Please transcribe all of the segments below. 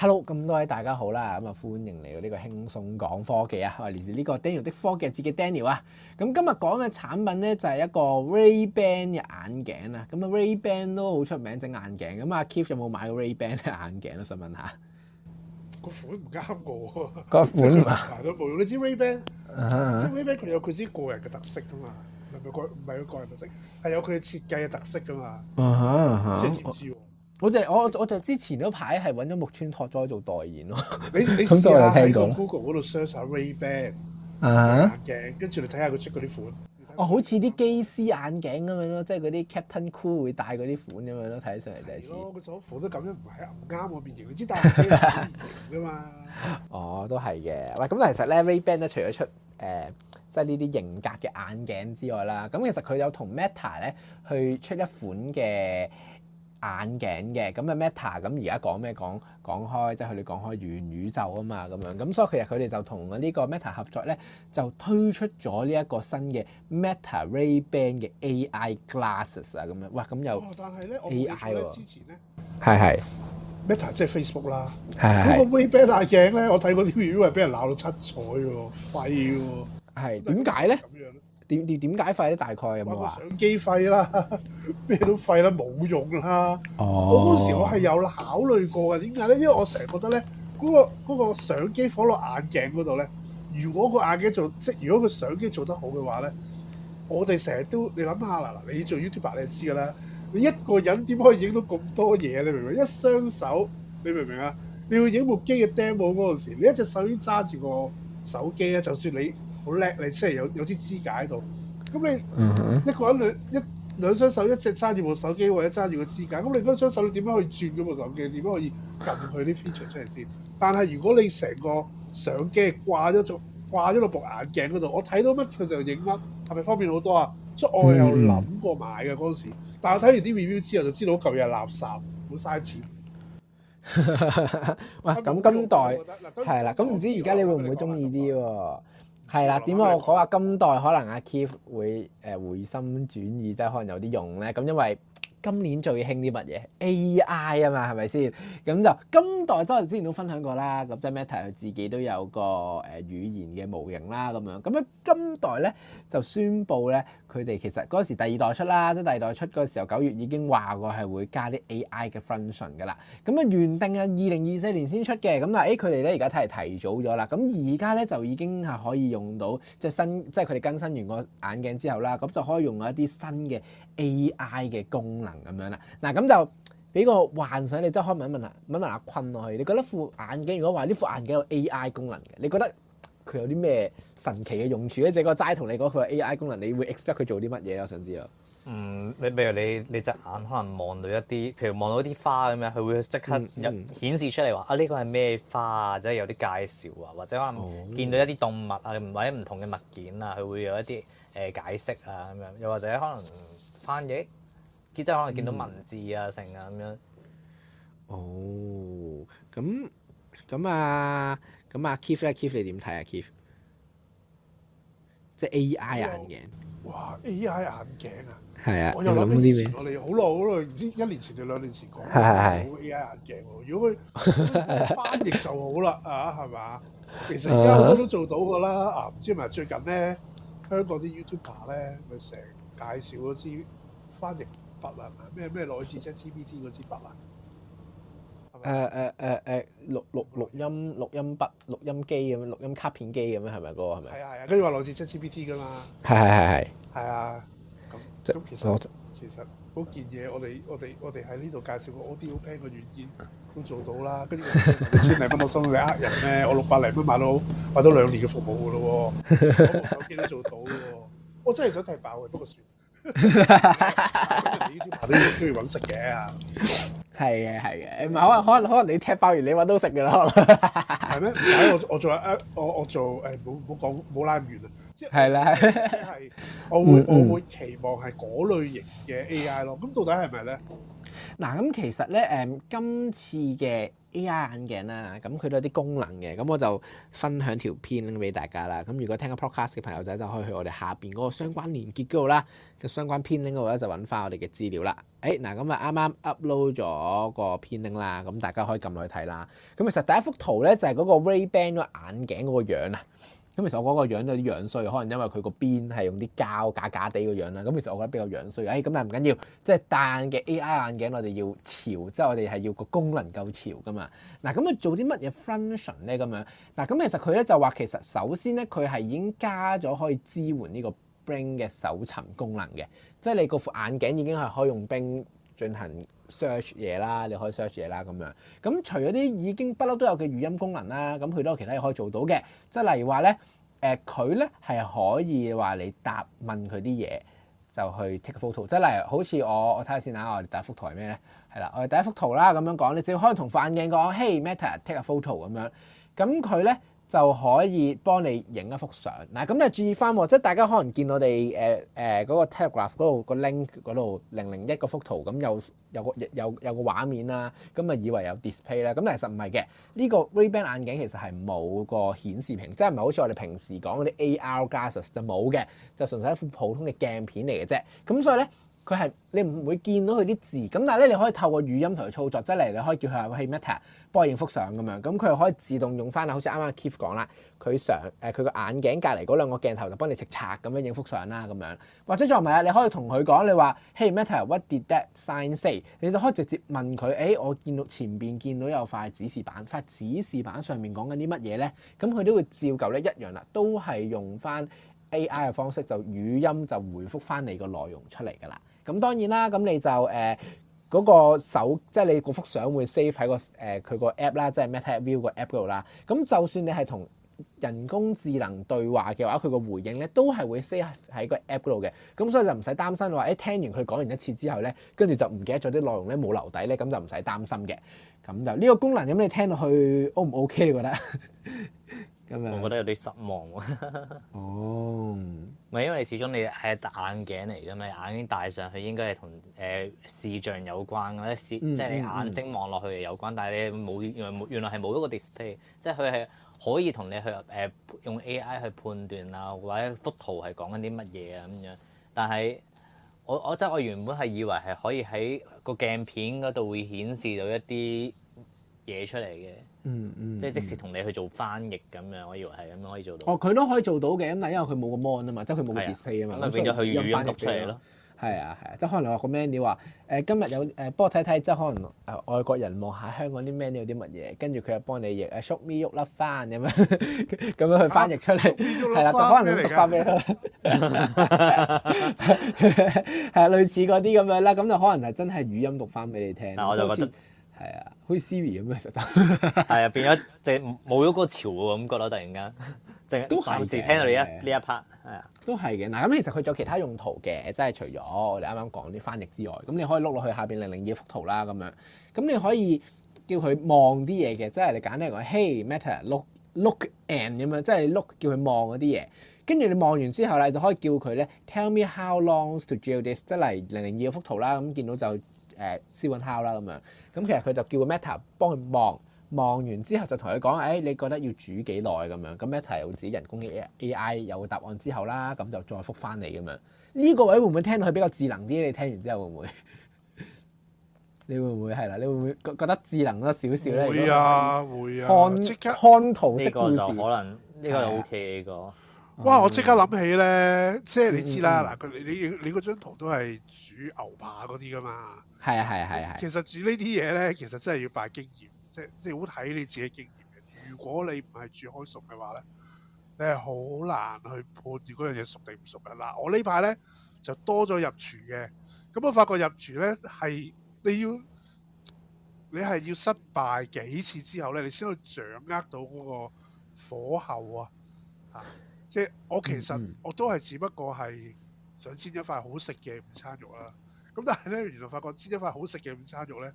hello，咁多位大家好啦，咁啊歡迎嚟到呢個輕鬆講科技啊，嚟自呢個 Daniel 的科技節嘅 Daniel 啊，咁今日講嘅產品咧就係一個 Ray Ban 嘅眼鏡啊。咁啊 Ray Ban 都好出名整眼鏡，咁啊 Keith 有冇買過 Ray Ban 嘅眼鏡咧？想問下個款唔啱我，個款啊，都冇用。你知 Ray Ban，即、uh huh. Ray Ban 佢有佢自己個人嘅特色噶嘛？唔係個佢個人特色，係有佢嘅設計嘅特色噶嘛？Uh huh. 我就我我就之前嗰排係揾咗木村拓哉做代言咯。你你試啦，喺個 Google 嗰度 search 下 Ray Ban 啊鏡，uh huh. 跟住你睇下佢出嗰啲款。看看哦，好似啲機師眼鏡咁樣咯，即係嗰啲 Captain Cool 會戴嗰啲款咁樣咯，睇起上嚟就係。係咯，嗰種款都咁樣唔係唔啱我面型，之但係幾有型㗎嘛。哦，都係嘅。喂，咁其實咧 Ray Ban 咧除咗出誒、呃，即係呢啲型格嘅眼鏡之外啦，咁其實佢有同 Meta 咧去出一款嘅。眼鏡嘅咁啊 Meta 咁而家講咩講講開即係佢哋講開元宇宙啊嘛咁樣咁所以其實佢哋就同呢個 Meta 合作咧就推出咗呢一個新嘅 Meta Ray-Ban 嘅 AI Glasses 啊咁樣哇咁又、哦、但係咧 AI 之前喎，係係 Meta 即係 Facebook 啦，係係是。咁個 Ray-Ban 眼鏡咧，我睇嗰啲 review 係俾人鬧到七彩喎，廢喎是，係點解咧？點點點解廢咧？大概有冇啊？相機廢啦，咩都廢啦，冇用啦。Oh. 我嗰時我係有考慮過嘅，點解咧？因為我成日覺得咧，嗰個嗰個相機放落眼鏡嗰度咧，如果個眼鏡做即如果個相機做得好嘅話咧，我哋成日都你諗下啦，嗱，你做 YouTuber 你就知噶啦，你一個人點可以影到咁多嘢？你明唔明？一雙手，你明唔明啊？你要影部機嘅 demo 嗰陣時，你一隻手已經揸住個手機啦，就算你。好叻你真，即係有有支支架喺度。咁你一個人兩一兩雙手，一隻揸住部手機，或者揸住個支架。咁你嗰雙手你點樣可以轉嗰部手機？點樣可以撳佢啲 feature 出嚟先？但係如果你成個相機掛咗在掛咗落部眼鏡嗰度，我睇到乜佢就影乜，係咪方便好多啊？所以我又諗過買嘅嗰陣時，但係我睇完啲 review 之後就知道，舊嘢垃圾，好嘥錢。喂， 咁今代係啦，咁唔知而家你會唔會中意啲喎？開玩笑係啦，點解我講話今代可能阿、啊、Keith 會、呃、回心轉意，即係可能有啲用咧？咁因為。今年最興啲乜嘢 AI 啊嘛，係咪先？咁就今代都我之前都分享過啦。咁即係 Meta 佢自己都有個誒語言嘅模型啦，咁樣。咁樣今代咧就宣布咧，佢哋其實嗰時第二代出啦，即係第二代出嗰時候九月已經話過係會加啲 AI 嘅 function 噶啦。咁啊原定係二零二四年先出嘅，咁但係佢哋咧而家睇嚟提早咗啦。咁而家咧就已經係可以用到即係新，即係佢哋更新完個眼鏡之後啦，咁就可以用一啲新嘅。A.I. 嘅功能咁樣啦，嗱咁就俾個幻想你，即係可以問一問啦，問問阿坤落去。你覺得副眼鏡如果話呢副眼鏡有 A.I. 功能嘅，你覺得佢有啲咩神奇嘅用處咧？即係個齋同你講佢話 A.I. 功能，你會 expect 佢做啲乜嘢？我想知啊、嗯嗯？嗯，你譬如你你隻眼可能望到一啲，譬如望到啲花咁樣，佢會即刻顯示出嚟話啊呢個係咩花啊，即係有啲介紹啊，或者可能見到一啲動物啊，或者唔同嘅物件啊，佢會有一啲誒解釋啊咁樣，又或者可能。翻譯，佢真係可能見到文字啊、成啊咁樣。哦，咁咁啊，咁啊，Keith 啊，Keith 你點睇啊，Keith？即係 AI 眼鏡。哇！AI 眼鏡啊？係啊！你諗嗰啲咩？我哋好耐好耐，唔知一年前定兩年前講過冇 AI 眼鏡喎。如果佢翻譯就好啦，啊係嘛？其實而家都做到㗎啦。啊，唔知係咪最近咧，香港啲 YouTuber 咧，咪成日介紹嗰支。翻譯筆啊？咩咩來自 ChatGPT 嗰支筆啊？誒誒誒誒錄錄錄音錄音筆錄音機咁樣，錄音卡片機咁樣，係咪嗰個係咪？係啊係啊，跟住話來自 ChatGPT 噶嘛？係係係係。係啊，咁即係其實我其實嗰件嘢我哋我哋我哋喺呢度介紹我啲好平嘅軟件都做到啦。跟住千零蚊我心諗，你呃人咩？我六百零蚊買到買到兩年嘅服務噶咯，我部手機都做到。我真係想睇爆嘅，不過算。 你呢排都要出揾食嘅，係嘅係嘅，唔 係可能可能 可能你踢爆完你揾到食嘅咯，係 咩？唔使我我做下 A，我我做誒，冇冇講冇拉完啊，即係係啦，係、 即係、我會我會期望係嗰類型嘅 AI 咯，咁到底係咪咧？嗱，咁其實咧，誒，今次嘅。AR 眼鏡啦、啊，咁佢都有啲功能嘅，咁我就分享條片俾大家啦。咁如果聽緊 podcast 嘅朋友仔，就可以去我哋下邊嗰個相關連結嗰度啦，嘅相關片 link 咧就揾翻我哋嘅資料啦。誒、哎，嗱，咁啊啱啱 upload 咗個片 link 啦，咁大家可以撳落去睇啦。咁其實第一幅圖咧就係嗰個 Ray-Ban 嗰眼鏡嗰個樣啊。咁其實我嗰個樣有啲樣衰，可能因為佢個邊係用啲膠，假假地個樣啦。咁其實我覺得比較樣衰。誒，咁但係唔緊要，即係戴眼鏡 A.I. 眼鏡，我哋要潮，即係我哋係要個功能夠潮噶嘛。嗱，咁啊做啲乜嘢 function 咧？咁樣嗱，咁其實佢咧就話，其實首先咧，佢係已經加咗可以支援呢個 brain 嘅搜尋功能嘅，即係你嗰副眼鏡已經係可以用 b 進行 search 嘢啦，你可以 search 嘢啦咁樣。咁除咗啲已經不嬲都有嘅語音功能啦，咁佢都有其他嘢可以做到嘅。即係例如話咧，誒佢咧係可以話你答問佢啲嘢，就去 take photo。即係例如好似我我睇下先啊，我哋第一幅圖係咩咧？係啦，我哋第一幅圖啦，咁樣講，你只要可以同副眼鏡講，嘿、hey, Meta，take a photo 咁樣，咁佢咧，就可以幫你影一幅相嗱，咁就注意翻喎，即係大家可能見我哋誒誒嗰個 Telegraph 嗰度個 link 嗰度零零一嗰幅圖，咁有有個有有個畫面啦，咁啊以為有 display 啦，咁其實唔係嘅，呢個 Ray-Ban 眼鏡其實係冇個顯示屏，即係唔係好似我哋平時講嗰啲 AR glasses 就冇嘅，就純粹一副普通嘅鏡片嚟嘅啫，咁所以咧。佢係你唔會見到佢啲字，咁但係咧你可以透過語音同佢操作，即係嚟你可以叫佢話，Hey Meta，幫我影幅相咁樣，咁佢又可以自動用翻好似啱啱 Kev 講啦，佢上誒佢個眼鏡隔籬嗰兩個鏡頭就幫你直拆咁樣影幅相啦，咁樣或者再唔係啊，你可以同佢講你話，Hey Meta，what did that sign say？你就可以直接問佢，誒、欸、我見到前面見到有塊指示板，塊指示板上面講緊啲乜嘢咧？咁佢都會照舊咧一樣啦，都係用翻 AI 嘅方式就語音就回覆翻你個內容出嚟㗎啦。咁當然啦，咁你就誒嗰、呃嗰個手，即係你嗰幅相會 save 喺、嗰個誒佢個 app, app 啦，即係 Meta View 個 app 嗰度啦。咁就算你係同人工智能對話嘅話，佢個回應咧都係會 save 喺個 app 嗰度嘅。咁所以就唔使擔心話，誒、哎、聽完佢講完一次之後咧，跟住就唔記得咗啲內容咧冇留底咧，咁就唔使擔心嘅。咁就呢個功能咁、嗯，你聽落去 O 唔 OK？你覺得？ 我覺得有啲失望喎。哦，唔係因為你始終你係戴眼鏡嚟㗎嘛，你眼鏡戴上去應該係同誒視像有關或者視、嗯、即係你眼睛望落去有關，嗯、但係你冇原原來係冇嗰個 display，即係佢係可以同你去誒、呃、用 AI 去判斷啊，或者幅圖係講緊啲乜嘢啊咁樣。但係我我即係、就是、我原本係以為係可以喺個鏡片嗰度會顯示到一啲嘢出嚟嘅，嗯嗯，即係即時同你去做翻譯咁樣，我以為係咁可以做到。哦，佢都可以做到嘅，咁但係因為佢冇個 mon 啊嘛，即係佢冇 display 啊嘛，咁變咗佢語音讀出嚟咯。係啊係啊，即係可能我個 menu 啊，誒今日有誒幫我睇睇，即係可能外國人望下香港啲 menu 有啲乜嘢，跟住佢又幫你譯，誒縮咪喐啦翻咁樣，咁樣去翻譯出嚟，係啦，讀翻嚟讀翻咩出嚟？啊，類似啲咁樣啦，咁就可能係真係語音讀翻俾你聽。我就覺得。係啊，好似 Siri 咁樣，實質係啊，變咗淨冇咗嗰個潮喎感覺得，突然間淨都係嘅。 聽到你一呢一 part 係啊，都係嘅。嗱，咁其實佢仲有其他用途嘅，即係除咗我哋啱啱講啲翻譯之外，咁你可以碌落去下邊零零二幅圖啦咁樣，咁你可以叫佢望啲嘢嘅，即係你簡單嚟講，Hey Meta look look and 咁樣，即係你 o 叫佢望嗰啲嘢，跟住你望完之後咧就可以叫佢咧 Tell me how long to drill this，即係嚟零零二幅圖啦，咁見到就。誒燒滾烤啦咁樣，咁其實佢就叫個 Meta 幫佢望，望完之後就同佢講，誒、哎、你覺得要煮幾耐咁樣，咁 Meta 會自己人工嘅 AI 有答案之後啦，咁就再覆返你咁樣。呢、呢個位會唔會聽到佢比較智能啲？你聽完之後會唔會， 你會，會？你會唔會係啦？你會唔會覺得智能咗少少咧？會啊會啊！看看圖式故事，可能呢、呢個係 OK 嘅。哇！我即刻諗起咧，即係你知、嗯嗯、啦嗱，佢你你你嗰張圖都係煮牛扒嗰啲噶嘛。係啊，係係係。其實煮呢啲嘢咧，其實真係要拜經驗，即係即係好睇你自己經驗嘅。如果你唔係煮開熟嘅話咧，你係好難去判斷樣嘢熟定唔熟嘅。嗱，我呢排咧就多咗入廚嘅，咁我發覺入廚咧係你要你係要失敗幾次之後咧，你先可以掌握到嗰個火候啊，嚇。即係我其實我都係只不過係想煎一塊好食嘅午餐肉啦。咁但係咧，原來發覺煎一塊好食嘅午餐肉咧，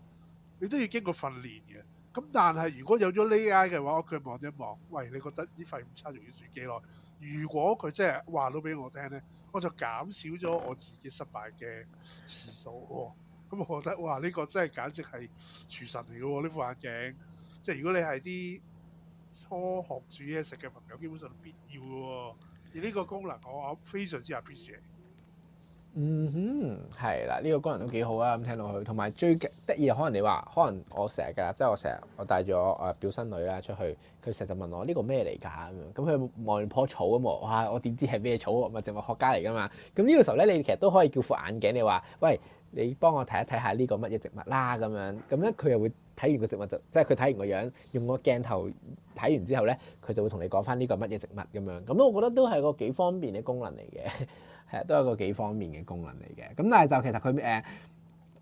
你都要經過訓練嘅。咁但係如果有咗 AI 嘅話，我佢望一望，喂，你覺得呢塊午餐肉要煮幾耐？如果佢真係話到俾我聽咧，我就減少咗我自己失敗嘅次數喎。咁、哦嗯、我覺得哇，呢、呢個真係簡直係廚神嚟喎！呢副眼鏡，即係如果你係啲。初學煮嘢食嘅朋友，基本上必要嘅。而呢個功能，我非常之 appreciate。嗯哼，係啦，呢個功能都幾好啊。咁聽落去，同埋最得意啊。可能你話，可能我成日噶啦，即係我成日我帶住我誒表甥女啦出去，佢成日就問我呢個咩嚟㗎咁樣。咁佢望住棵草咁嘛？哇！我點知係咩草？我咪植物學家嚟㗎嘛。咁呢個時候咧，你其實都可以叫副眼鏡，你話喂。你幫我睇一睇下呢個乜嘢植物啦，咁樣咁咧，佢又會睇完個植物就即係佢睇完個樣，用個鏡頭睇完之後咧，佢就會同你講翻呢個乜嘢植物咁樣。咁我覺得都係個幾方便嘅功能嚟嘅，係都係個幾方便嘅功能嚟嘅。咁但係就其實佢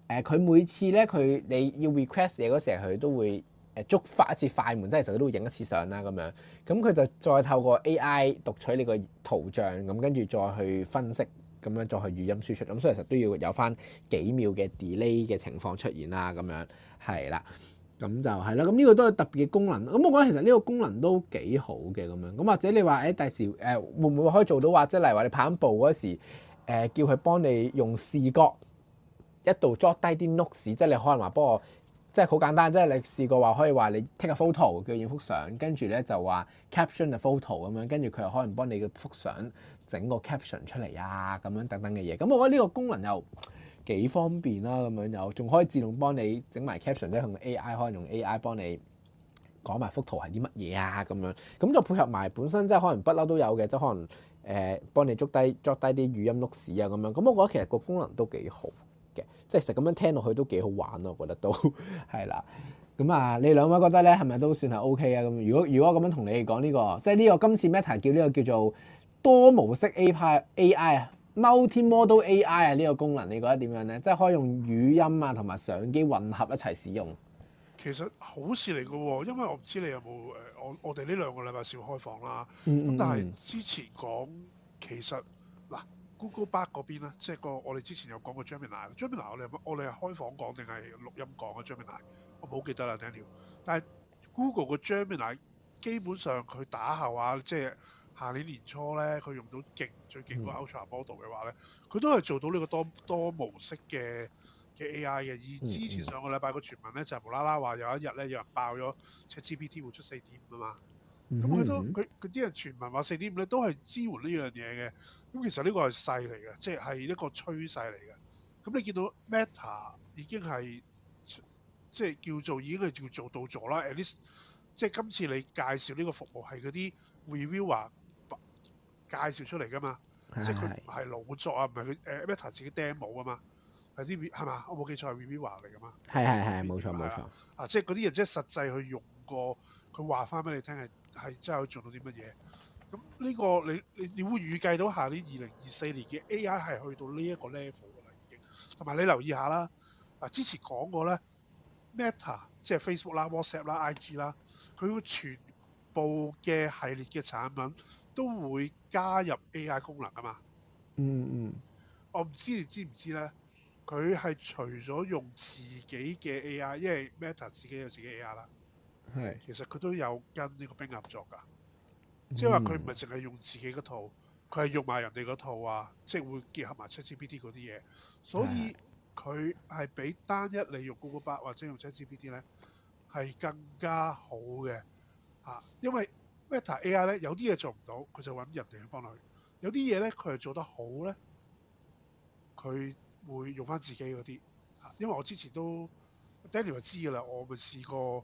誒誒佢每次咧佢你要 request 嘢嗰時候，佢都會誒觸發一次快門，即係其實佢都會影一次相啦咁樣。咁佢就再透過 AI 讀取你個圖像，咁跟住再去分析。咁樣再去語音輸出，咁所以其實都要有翻幾秒嘅 delay 嘅情況出現啦，咁樣係啦，咁就係、是、啦，咁呢個都有特別嘅功能，咁我覺得其實呢個功能都幾好嘅，咁樣，咁或者你話誒第時誒、呃、會唔會可以做到話，即係例如話你跑緊步嗰時誒、呃、叫佢幫你用視覺一度捉低啲 notes，即係你可能話幫我。即係好簡單，即係你試過話可以話你 take 個 photo 叫影幅相，跟住咧就話 caption 就 photo 咁樣，跟住佢又可能幫你個幅相整個 caption 出嚟啊，咁樣等等嘅嘢。咁我覺得呢個功能又幾方便啦、啊，咁樣又仲可以自動幫你整埋 caption，即係用 AI 可能用 AI 幫你講埋幅圖係啲乜嘢啊，咁樣咁就配合埋本身即係可能不嬲都有嘅，即係可能誒、呃、幫你捉低捉低啲語音 notes 啊咁樣。咁我覺得其實個功能都幾好。嘅，即係其實咁樣聽落去都幾好玩咯，我覺得都係啦。咁 啊，你兩位覺得咧，係咪都算係 OK 啊？咁如果如果咁樣同你哋講呢個，即係呢個今次 Meta 叫呢個叫做多模式 AI AI 啊，Multimodal AI 啊呢個功能，你覺得點樣咧？即係可以用語音啊同埋相機混合一齊使用。其實好事嚟嘅喎，因為我唔知你有冇誒，我我哋呢兩個禮拜試過開放啦。咁、嗯嗯嗯、但係之前講其實嗱。Google 巴嗰邊咧，即係個我哋之前有講過 Gemini，Gemini、mm. Gem 我哋我哋係開房講定係錄音講啊？Gemini 我冇記得啦 d a 但係 Google 個 Gemini 基本上佢打後啊，即係下年年初咧，佢用到勁最勁個 Ultra Model 嘅話咧，佢都係做到呢個多多模式嘅嘅 AI 嘅。而之前上個禮拜個傳聞咧，就是、無啦啦話有一日咧，有人爆咗 c h g p t 會出四 D 嘛。咁佢、嗯、都佢啲人傳聞話四點五咧，都係支援呢樣嘢嘅。咁其實呢個係勢嚟嘅，即、就、係、是、一個趨勢嚟嘅。咁你見到 Meta 已經係即係叫做已經係叫做到咗啦。At least 即係今次你介紹呢個服務係嗰啲 reviewer 介紹出嚟噶嘛，的即係佢唔係老作啊，唔係佢誒、呃、Meta 自己 demo 噶嘛。係啲係嘛？我冇記錯係 reviewer 嚟噶嘛？係係係冇錯冇錯啊！即係嗰啲人即係實際去用過，佢話翻俾你聽係。係真係做到啲乜嘢？咁呢個你你會預計到下年二零二四年嘅 AI 係去到呢一個 level 㗎啦，已經。同埋你留意下啦，啊之前講過咧，Meta 即係 Facebook 啦、WhatsApp 啦、IG 啦，佢會全部嘅系列嘅產品都會加入 AI 功能㗎嘛。嗯嗯。我唔知你知唔知咧？佢係除咗用自己嘅 AI，因為 Meta 自己有自己 AI 啦。係，其實佢都有跟呢個 Bing 合作㗎，即係話佢唔係淨係用自己嗰套，佢係、嗯、用埋人哋嗰套啊。即係會結合埋 ChatGPT 嗰啲嘢，所以佢係比單一你用 Google Bard 或者用 ChatGPT 咧係更加好嘅嚇。因為 Meta AI 咧有啲嘢做唔到，佢就揾人哋去幫佢。有啲嘢咧佢係做得好咧，佢會用翻自己嗰啲嚇。因為我之前都 Daniel 就知㗎啦，我咪試過。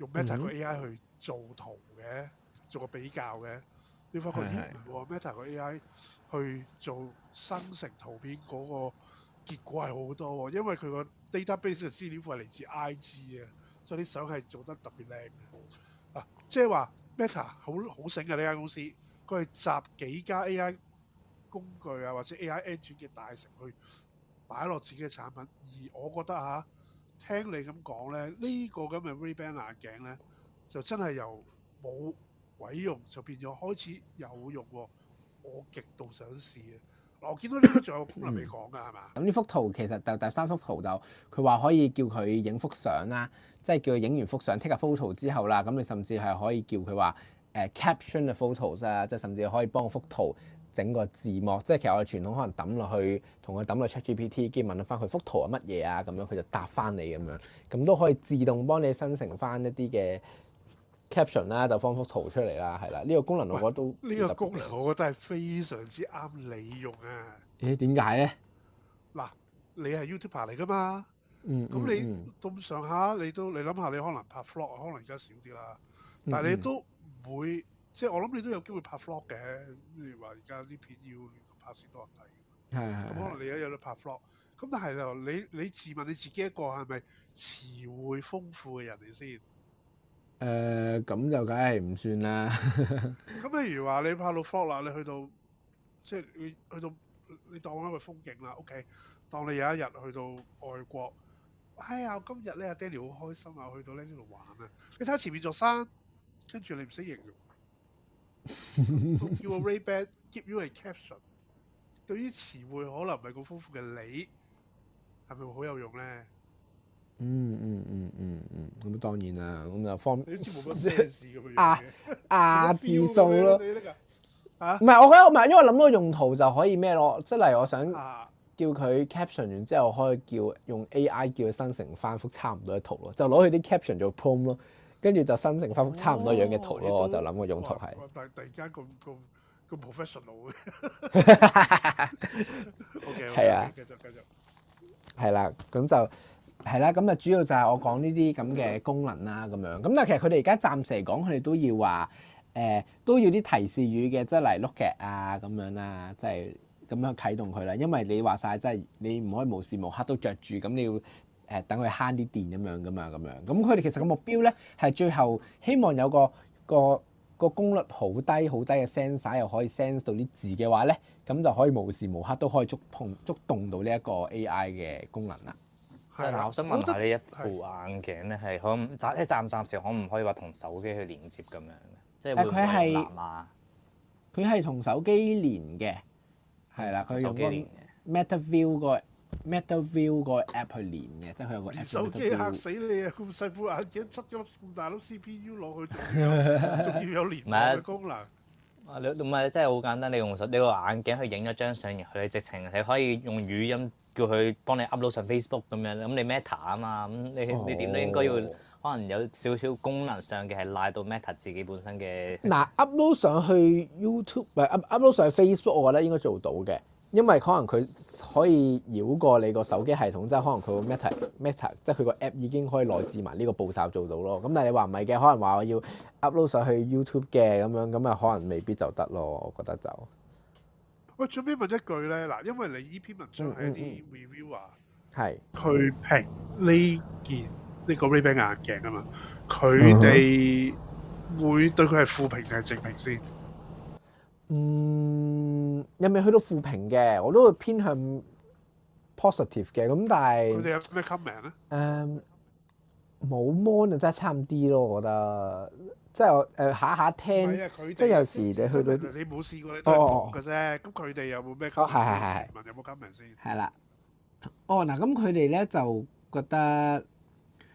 用 Meta 個 AI 去做圖嘅，嗯、做個比較嘅，你發覺是是咦唔喎，Meta 個 AI 去做生成圖片嗰個結果係好多喎，因為佢個 database 嘅資料庫係嚟自 IG 嘅，所以啲相係做得特別靚。嗱、啊，即係話 Meta 好好醒嘅呢間公司，佢係集幾家 AI 工具啊或者 AI engine 嘅大成去擺落自己嘅產品，而我覺得嚇。啊。聽你咁講咧，呢個咁嘅 Ray-Ban 眼鏡咧，就真係由冇鬼用，就變咗開始有用喎。我極度想試啊！我見到呢個仲有功能未講噶係嘛？咁呢幅圖其實第第三幅圖就佢話可以叫佢影幅相啦，即係叫佢影完幅相 take a photo 之後啦，咁你甚至係可以叫佢話誒 caption the photos 啊，即係甚至可以幫我幅圖。整個字幕，即係其實我哋傳統可能抌落去，同佢抌落 ChatGPT，跟住問咗翻佢幅圖係乜嘢啊，咁樣佢就答翻你咁樣，咁都可以自動幫你生成翻一啲嘅 caption 啦，就放幅圖出嚟啦，係啦，呢個功能我覺得都呢個功能我覺得係非常之啱你用嘅。咦？點解咧？嗱，你係 YouTuber 嚟噶嘛？嗯。咁你咁上下，你都你諗下，你可能拍 vlog 可能而家少啲啦，但係你都會。即係我諗你都有機會拍 vlog 嘅，譬如話而家啲片要拍先多人睇，咁可能你有得拍 vlog，咁但係就你你自問你自己一個係咪詞彙豐富嘅人嚟先？誒，咁就梗係唔算啦。咁譬如話你拍到 vlog 啦，你去到即係去去到你當翻個風景啦，OK？當你有一日去到外國，哎呀，今日咧阿爹哋好開心啊，去到呢度玩啊，你睇下前面座山，跟住你唔識形容，叫個 Ray Ban give you a caption，對於詞彙可能唔係咁豐富嘅你，係咪會好有用咧？嗯嗯嗯嗯嗯，咁、嗯嗯嗯嗯嗯嗯嗯、當然啦，咁又方字數咯，啊，唔係，我覺得唔係，因為我諗到用途就可以咩咯，即係例如我想叫佢 caption 完之後，可以叫用 AI 叫佢生成翻幅差唔多嘅圖咯，就攞佢啲 caption 做 prompt 咯。跟住就生成翻幅差唔多樣嘅圖咯，我就諗個用途係。但係突然間咁咁咁 professional 嘅。OK，係啊，繼續繼續。係啦，咁就係啦，咁啊主要就係我講呢啲咁嘅功能啦，咁樣。咁但係其實佢哋而家暫時嚟講，佢哋都要話誒都要啲提示語嘅，即係嚟 look at 啊咁樣啦，即係咁樣啟動佢啦。因為你話曬，即係你唔可以無時無刻都著住，咁你要。誒等佢慳啲電咁樣噶嘛，咁樣，咁佢哋其實個目標咧係最後希望有個個個功率好低好低嘅 sensor 又可以 sense 到啲字嘅話咧，咁就可以無時無刻都可以觸碰觸動到呢一個 AI 嘅功能啦。係啦，我想問下呢副眼鏡咧係可暫一暫暫時可唔可以話同手機去連接咁樣即係會唔會獨立啊？佢係同手機連嘅，係啦，佢用啲 Meta View 個。Meta View 個 app 去連嘅，即係佢有個 app 手機嚇死你啊！咁細副眼鏡，執咗粒咁大粒 CPU 落去，仲 要有連咩？功能。你唔係真係好簡單，你用你個眼鏡去影咗張相，然後你直情你可以用語音叫佢幫你 upload 上 Facebook 咁樣。咁你 Meta 啊嘛，咁你你點都應該要可能有少少功能上嘅係賴到 Meta 自己本身嘅。嗱 upload、哦、 上去 YouTube 唔係 upload upload 上，上 Facebook，我覺得應該做到嘅。因為可能佢可以繞過你個手機系統，即係可能佢個 Meta Meta，即係佢個 App 已經可以內置埋呢個步驟做到咯。咁但係你話唔係嘅，可能話我要 upload 上，上去 YouTube 嘅咁樣，咁啊可能未必就得咯。我覺得就喂，最尾問一句咧，嗱，因為你呢篇文章係一啲 review 啊、嗯嗯嗯，係去評呢件呢、呢個 Ray-Ban 眼鏡啊嘛，佢哋、嗯嗯、會對佢係負評定係正評先？嗯，有未去到負評嘅？我都會偏向 positive 嘅。咁但係佢哋有咩 comment 咧？誒、嗯，冇 mon 啊，真係差唔啲咯。我覺得即係誒、呃、下下聽，啊、即係有時你去到你冇試過你聽講嘅啫。咁佢哋有冇咩 comment 有冇 comment、哦、先？係啦。哦，嗱，咁佢哋咧就覺得，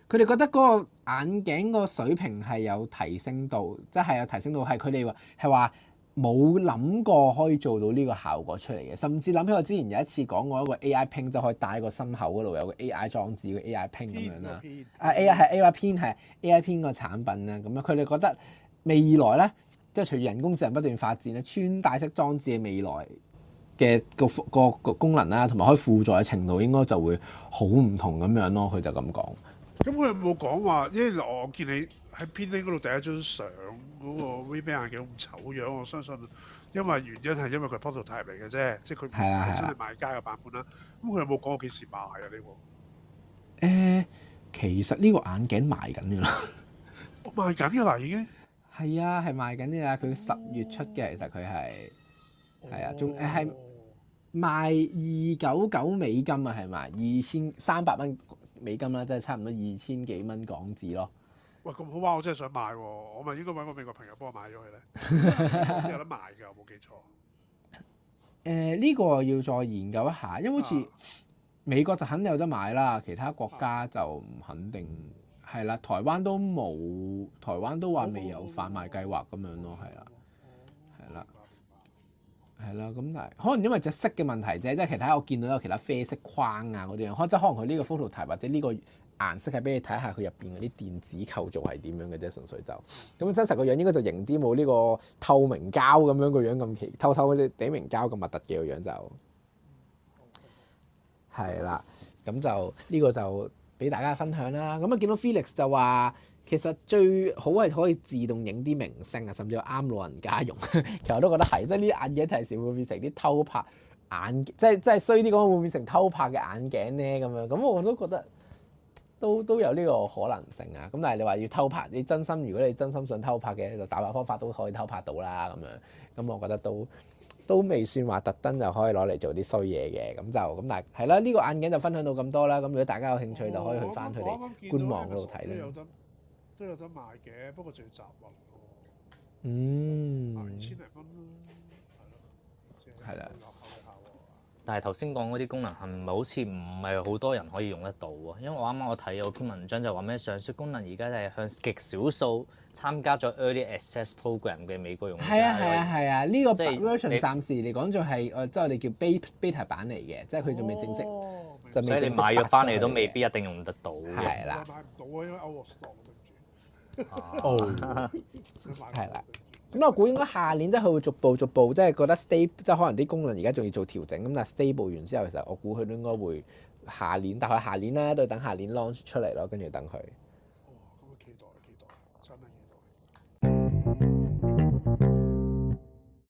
佢哋覺得嗰個眼鏡個水平係有提升到，即、就、係、是、有提升到係佢哋話係話。冇諗過可以做到呢個效果出嚟嘅，甚至諗起我之前有一次講過一個 AI Pin 就可以戴個心口嗰度有個 AI 裝置嘅 AI Pin 咁樣啦。啊，AI 係 AI Pin 係 AI Pin 個產品啦。咁樣佢哋覺得未來咧，即係隨住人工智能不斷發展咧，穿戴式裝置嘅未來嘅個個個功能啦，同埋可以輔助嘅程度應該就會好唔同咁樣咯。佢就咁講。咁佢有冇講話？因為我我見你喺 Pin Link 嗰度第一張相嗰個 VBA 眼鏡咁醜樣，我相信因為原因係因為佢 Prototype 嚟嘅啫，即係佢係真係賣街嘅版本啦。咁佢有冇講過幾時賣啊？呢個誒，其實呢個眼鏡賣緊嘅啦，賣緊嘅啦已經係啊，係賣緊嘅啊！佢十月出嘅，其實佢係係啊，仲誒係賣二九九美金啊，係咪二千三百蚊？美金啦，即係差唔多二千幾蚊港紙咯。喂，咁好哇！我真係想買喎，啊，我咪應該揾個美國朋友幫我買咗佢咧，先有得買㗎，冇記錯。誒，呢個要再研究一下，因為好似美國就肯定有得買啦，其他國家就唔肯定，係啦，台灣都冇，台灣都話未有販賣計劃咁樣咯，係啦，係啦。係啦，咁但係可能因為隻色嘅問題啫，即係其他我見到有其他啡色框啊嗰啲樣，可能即係可能佢呢個 photo 或者呢個顏色係俾你睇下佢入邊嗰啲電子構造係點樣嘅啫，純粹就咁真實個樣應該就型啲，冇呢個透明膠咁樣個樣咁奇，透透嗰啲透明膠咁密突嘅個樣就係、嗯嗯、啦，咁就呢、呢個就俾大家分享啦。咁啊見到 Felix 就話。其實最好係可以自動影啲明星啊，甚至有啱老人家用。呵呵，其實我都覺得係，即係呢啲眼鏡提示會變成啲偷拍眼鏡，即係即係衰啲講會變成偷拍嘅眼鏡呢。咁樣。咁我都覺得都都有呢個可能性啊。咁但係你話要偷拍，你真心如果你真心想偷拍嘅，就打話方法都可以偷拍到啦。咁樣，咁我覺得都都未算話特登就可以攞嚟做啲衰嘢嘅咁就咁。但係係啦，呢個眼鏡就分享到咁多啦。咁如果大家有興趣就可以去翻佢哋官網嗰度睇咧。都有得賣嘅，不過仲要集運咯。嗯，千零蚊啦，係咯，但係頭先講嗰啲功能係唔係好似唔係好多人可以用得到喎？因為我啱啱我睇有篇文章就話咩上述功能而家就係向極少數參加咗 Early Access Program 嘅美國用戶。係啊係啊係啊！呢、啊、個 version 暫時嚟講就係誒，即係我哋叫 beta 版嚟嘅，即係佢仲未正式，所以、哦、你買咗翻嚟都未必一定用得到。係啦、啊。哦，係啦、oh. 咁我估應該下年即係佢會逐步逐步即係、就是、覺得 stable 即係可能啲功能而家仲要做調整，咁但係 stable 完之後，其實我估佢都應該會下年，大概下年咧都要等下年 launch 出嚟咯，跟住等佢。